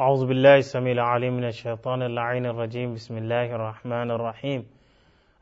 أعوذ بالله السميع العليم من الشيطان اللعين الرجيم بسم الله الرحمن الرحيم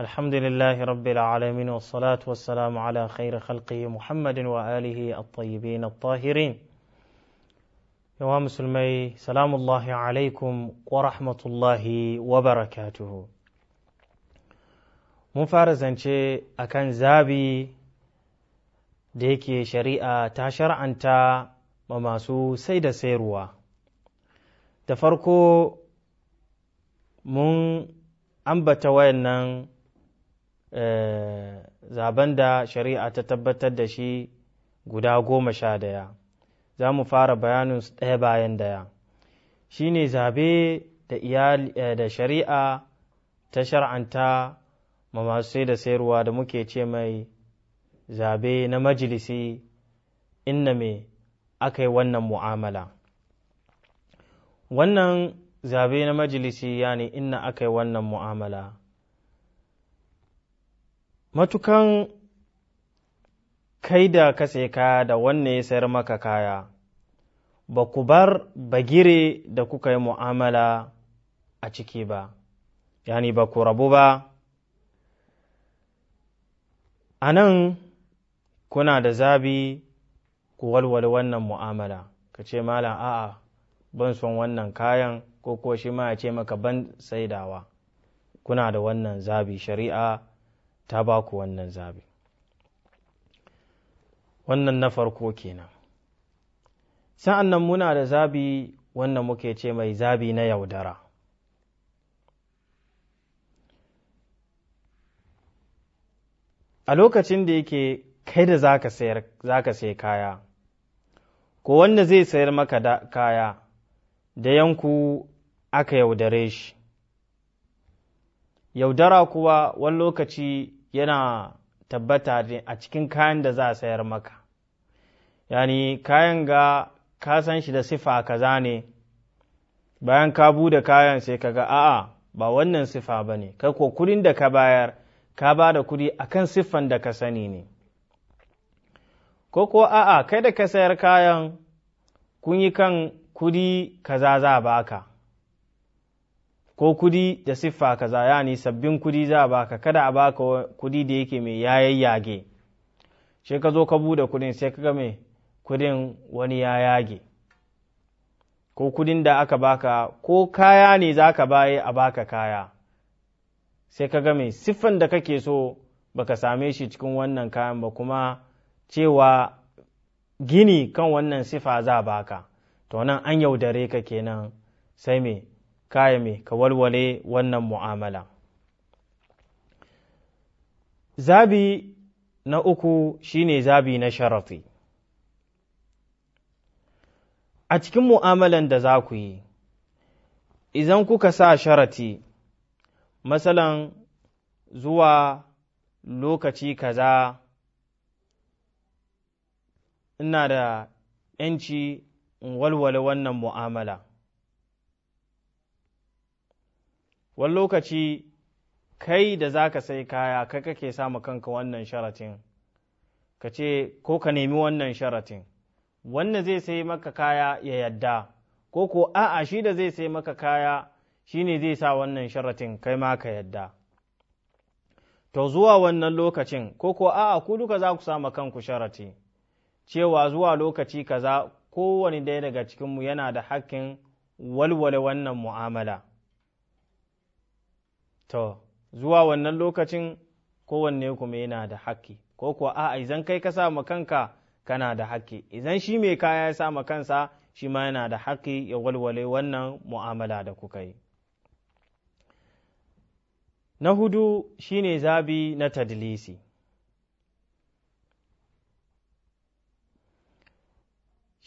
الحمد لله رب العالمين والصلاة والسلام على خير خلقه محمد وآله الطيبين الطاهرين يا مسلمي سلام الله عليكم ورحمة الله وبركاته mun fara zance a kan zabi da yake shari'a ta shar'anta ma masu sai da sayarwa da farko mun ambata wayannan eh, zaben da shari'a ta tabbatar da shi guda goma sha daya za mu fara bayanin su ɗaya bayan daya shi ne zabe eh, da shari'a ta shar'anta ma masu sai da sayarwa da muke ce mai zabe na majalisi inna me aka yi wannan mu'amala wannan zabe na majalisi yani inna aka yi wannan mu'amala matukan kai da ka sai kaya da wannan ya sayar maka kaya ba ku bar bagire da kuka yi mu'amala a ciki ba yani ba ku rabu ba a nan kuna da zabi ku walwale wannan mu'amala ka ce malam a'a ban son wannan kayan ko ko shi ma ya ce maka ban saidawa kuna da wannan zabi shari'a ta ba ku wannan zabi wannan na farko kenan sa'an nan muna da zabi wannan muke ce mai zabi na yaudara a lokacin da yake kai da za ka sayar kaya ko wanda zai sayar maka kaya da yanku aka yaudare shi yaudara kuwa wani lokaci yana tabbata a cikin kayan da za a sayar maka yani kayan ga ka san shi da sifa kaza ne bayan ka bude kayan sai ka ga a'a ba wannan sifa ba ne kai ko kudin da ka bayar ka ba da kudi kan siffan da ka sani ne ko ko a'a kai da ka sayar kayan kun yi kan kudi kaza za baka ko kudi da siffa kaza ni sabbin kudi za baka kada a baka kudi da yake mai yayayyage shi ka zo ka bude kudin sai ka game kudin wani ya yage ko kudin da aka baka ko kaya ne za ka baye a baka kaya sai ka ga mai siffan da kake so baka same shi cikin wannan kayan ba kuma cewa gini kan wannan siffa za baka to nan an yaudare ka kenan sai me kaya me ka walwale wannan mu'amala zabi na uku shine zabi na sharafi a cikin mu'amalan da za ku yi idan kuka sa sharati masalan zuwa lokaci kaza ina da ‘yanci in walwale wannan mu'amala wani lokaci kai da za ka sai kaya kai kake samu kanka wannan sharatin ka ce ko ka nemi wannan sharatin wannan zai sai maka kaya ya yadda ko ko a'a shi da zai sai maka kaya shi ne zai sa wannan sharatin kai ma ka yadda to zuwa wannan lokacin ko ko a'a ku duka za ku sama kanku sharati cewa zuwa lokaci kaza kowane ɗaya daga cikinmu yana da hakkin walwale wannan mu'amala to zuwa wannan lokacin kowanne kuma yana da hakki ko kuwa a'a idan kai ka sa kanka kana da hakki izan shi mai kaya ya sa kansa shi ma yana da hakki ya walwale wannan mu'amala da kuka yi na hudu shine zabi na tadlisi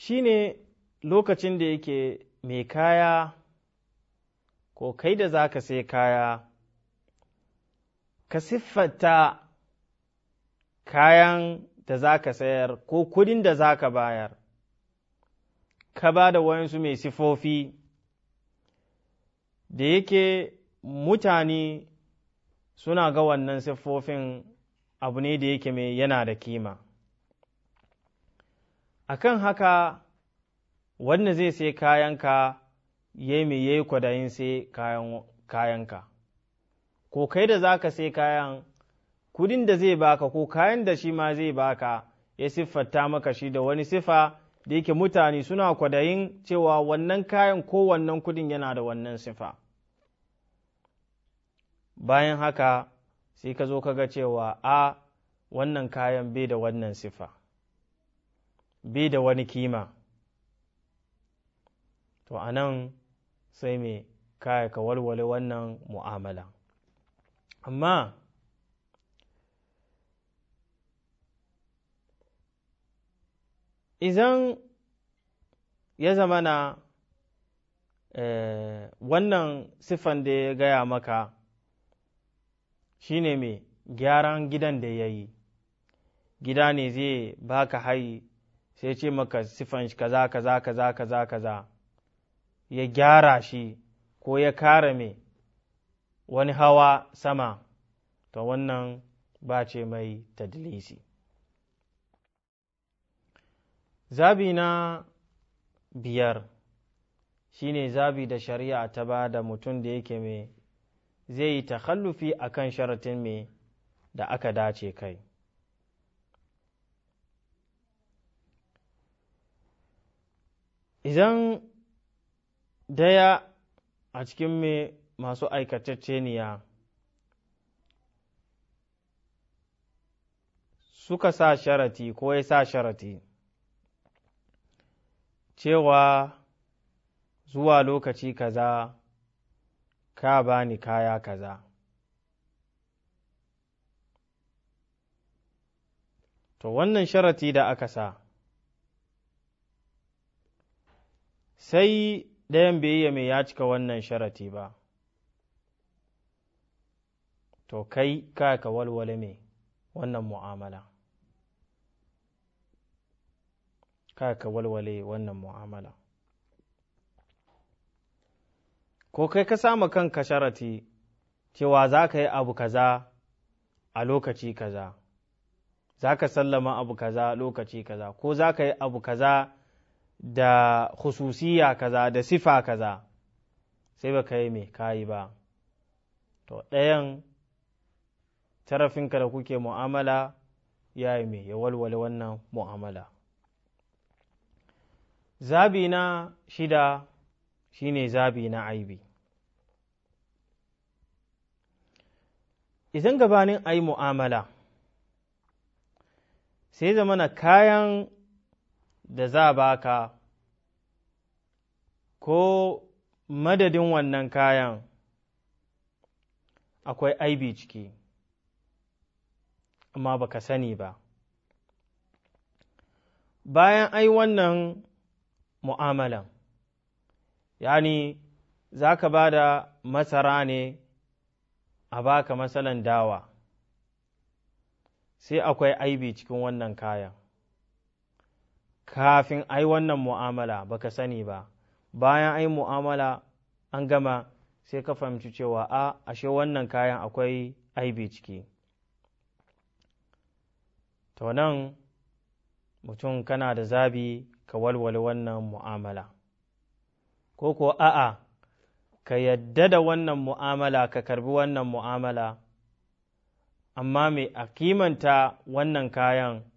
shi ne lokacin da yake mai kaya ko kai da za ka sai kaya ka siffata kayan da za ka sayar ko kudin da za ka bayar ka ba da wayansu mai sifofi da yake mutane suna ga wannan siffofin abu ne da yake mai yana da kima A kan haka wanda zai sai kayanka ya yi mai ya yi kwadayin sai kayanka ko kai da za ka sai kayan kudin da zai baka ko kayan da shi ma zai baka ya siffata maka shi da wani sifa da yake mutane suna kwadayin cewa wannan kayan ko wannan kudin yana da wannan sifa bayan haka sai ka zo ka ga cewa a wannan kayan bai da wannan sifa bai da wani kima to a nan sai mai kaya ka walwale wannan mu'amala amma izan ya zama na eh, wannan siffan da ya gaya maka shine mai gyaran gidan da ya yi gida ne zai baka hayi sai ce maka sifan kaza kaza kaza kaza kaza ya gyara shi ko ya kara mai wani hawa sama to wannan ba ce mai tadlisi zabi na biyar ne zabi da shari'a ta ba da mutum da yake mai zai yi takhallufi akan sharatin mai da aka dace kai idan daya a cikin mai masu niya suka sa sharati ko ya sa sharati cewa zuwa lokaci kaza ka bani kaya kaza to wannan sharati da aka sa sai ɗayan biyayya mai ya cika wannan sharati ba to kai ka ka walwale mai wannan mu'amala ka ka walwale wannan mu'amala ko kai ka sama kanka sharati cewa za ka yi abu kaza a lokaci kaza za ka sallama abu kaza lokaci kaza ko za ka yi abu kaza da hususiya kaza da sifa kaza sai ba ka yi mai kayi ba to ɗayan tarafinka da kuke mu'amala ya yi mai ya walwale wannan mu'amala zabi na shida shine zabi na aibi idan gabanin ai mu'amala sai zamana kayan da za ba ka ko madadin wannan kayan akwai aibi ciki amma baka sani ba bayan ai wannan mu'amalan yani za ka ba da masara ne a baka masalan dawa sai akwai aibi cikin wannan kayan kafin ai wannan mu'amala baka sani ba bayan ai mu'amala an gama sai ka fahimci cewa a ashe wannan kayan akwai aibi ciki to nan mutum kana da zabi ka walwale wannan mu'amala ko ko a'a ka yadda da wannan mu'amala ka karbi wannan mu'amala amma mai a kimanta wannan kayan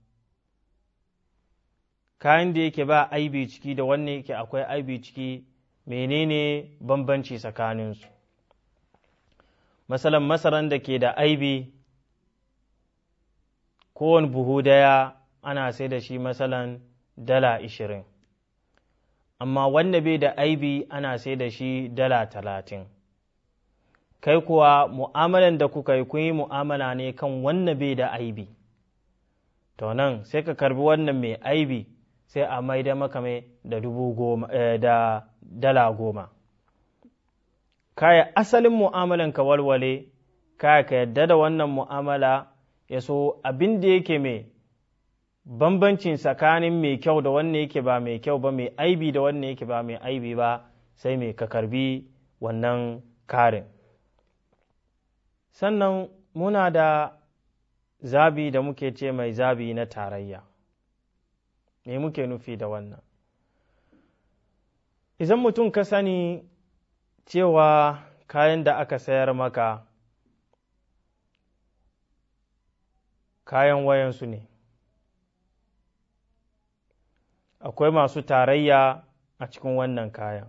kayan da yake ba aibi ciki da wanne yake akwai aibi ciki menene bambanci tsakaninsu masalan masaran da ke da aibi kowane buhu daya ana sai da shi masalan dala ishirin amma wanda bai da aibi ana sai da shi dala talatin kai kuwa mu'amalan da kuka yi kun yi mu'amala ne kan wanda bai da aibi to nan sai ka karbi wannan mai aibi sai a maida maka mai da dala goma eh, da dala goma kaya asalin mu'amalan ka walwale kaya ka yadda da wannan mu'amala ya so abin da yake mai bambancin tsakanin mai kyau da wanne yake ba mai kyau ba mai aibi da wanne yake ba mai aibi ba sai mai ka karbi wannan karin sannan muna da zabi da muke ce mai zabi na tarayya me muke nufi da wannan idan mutum ka sani cewa kayan da aka sayar maka kayan wayansu ne akwai masu tarayya a cikin wannan kayan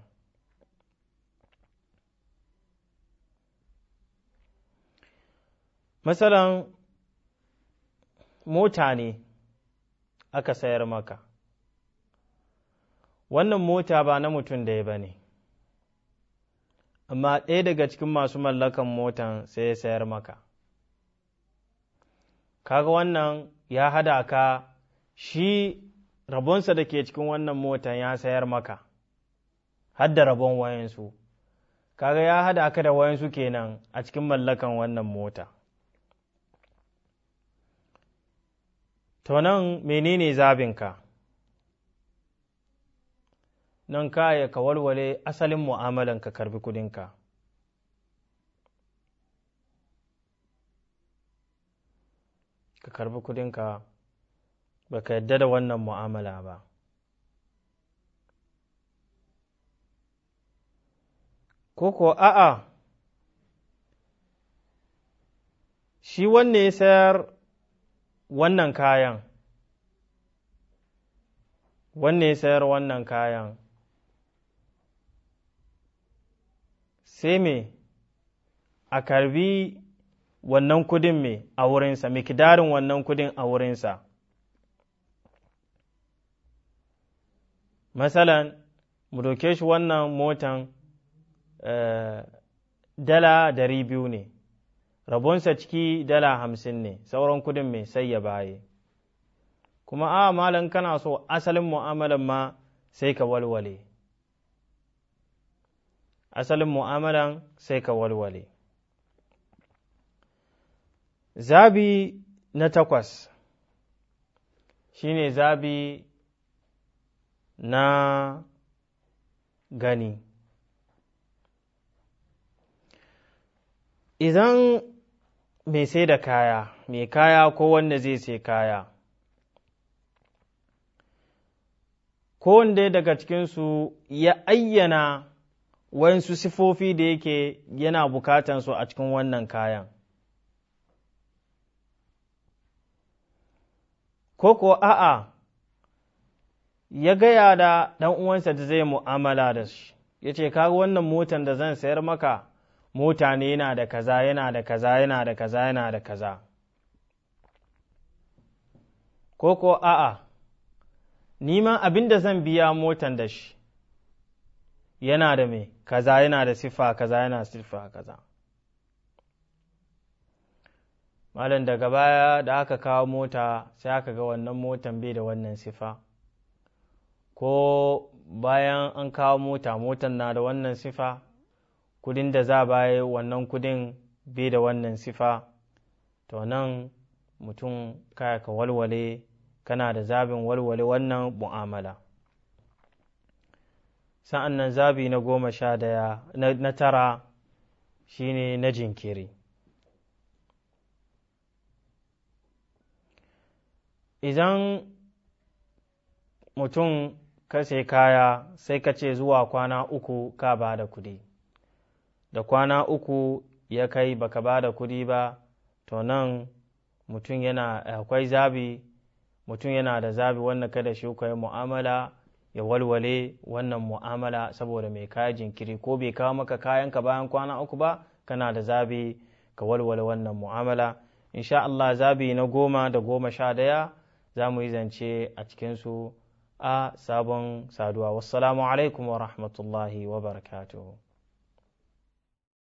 matsalan mota ne aka sayar maka wannan mota ba na mutum da ba ne amma ɗaya daga cikin masu mallakan motan sai ya sayar maka kaga wannan ya hada ka shi rabonsa da ke cikin wannan motan ya sayar maka har rabon wayansu kaga ya hada ka da wayansu kenan a cikin mallakan wannan mota to nan menene zabinka nan kaya ka walwale asalin mu'amalan ka karbi kudinka ka karbi kudinka ba ka yadda da wannan mu'amala ba ko ko a'a shi wanne ya sayar wannan kayan wanne ya sayar wannan kayan sai me a karbi wannan kudin me a wurinsa mikidarin wannan kudin a wurinsa masalan mu doke shi wannan motan eh, dala dari biyu ne rabonsa ciki dala hamsin ne sauran kudin mai sai ya baye kuma a malam kana so asalin mu'amalan ma sai ka walwale asalin mu'amalan sai ka walwale zabi na takwas shine zabi na gani idan mai sai da kaya mai kaya ko wanda zai sai kaya ko wanda daga cikinsu ya ayyana wayansu sifofi da yake yana su a cikin wannan kayan Koko, a'a ya gaya da ɗan uwansa da zai mu'amala da shi ya ce kaga wannan motan da zan sayar maka mota ne yana da kaza yana da kaza yana da kaza yana da kaza Koko, a'a ni ma abin da zan biya motan da shi yana da mai kaza yana da siffa kaza yana siffa kaza malam daga baya da aka kawo mota sai aka ga wannan motan bai da wannan siffa ko bayan an kawo mota motan na da wannan siffa kudin da za baya wannan kudin bai da wannan siffa to nan mutum kaya ka walwale kana da zabin walwale wannan mu'amala sa'an nan zabi na goma sha daya na tara shi ne na jinkiri idan mutum ka sai kaya sai ka ce zuwa kwana uku ka ba da kudi da kwana uku ya kai baka ba da kudi ba to nan mutum yana akwai zabi mutum yana da zabi wanda kada shi ku yi mu'amala ya walwale wannan mu'amala saboda mai kaya jinkiri ko bai kawo maka kayan ka bayan kwana uku ba kana da zabi ka walwale wannan mu'amala insha Allah zabi na goma da goma sha daya za mu yi zance a cikinsu a sabon saduwa wassalamu alaikum wa rahmatullahi wa barakatuhu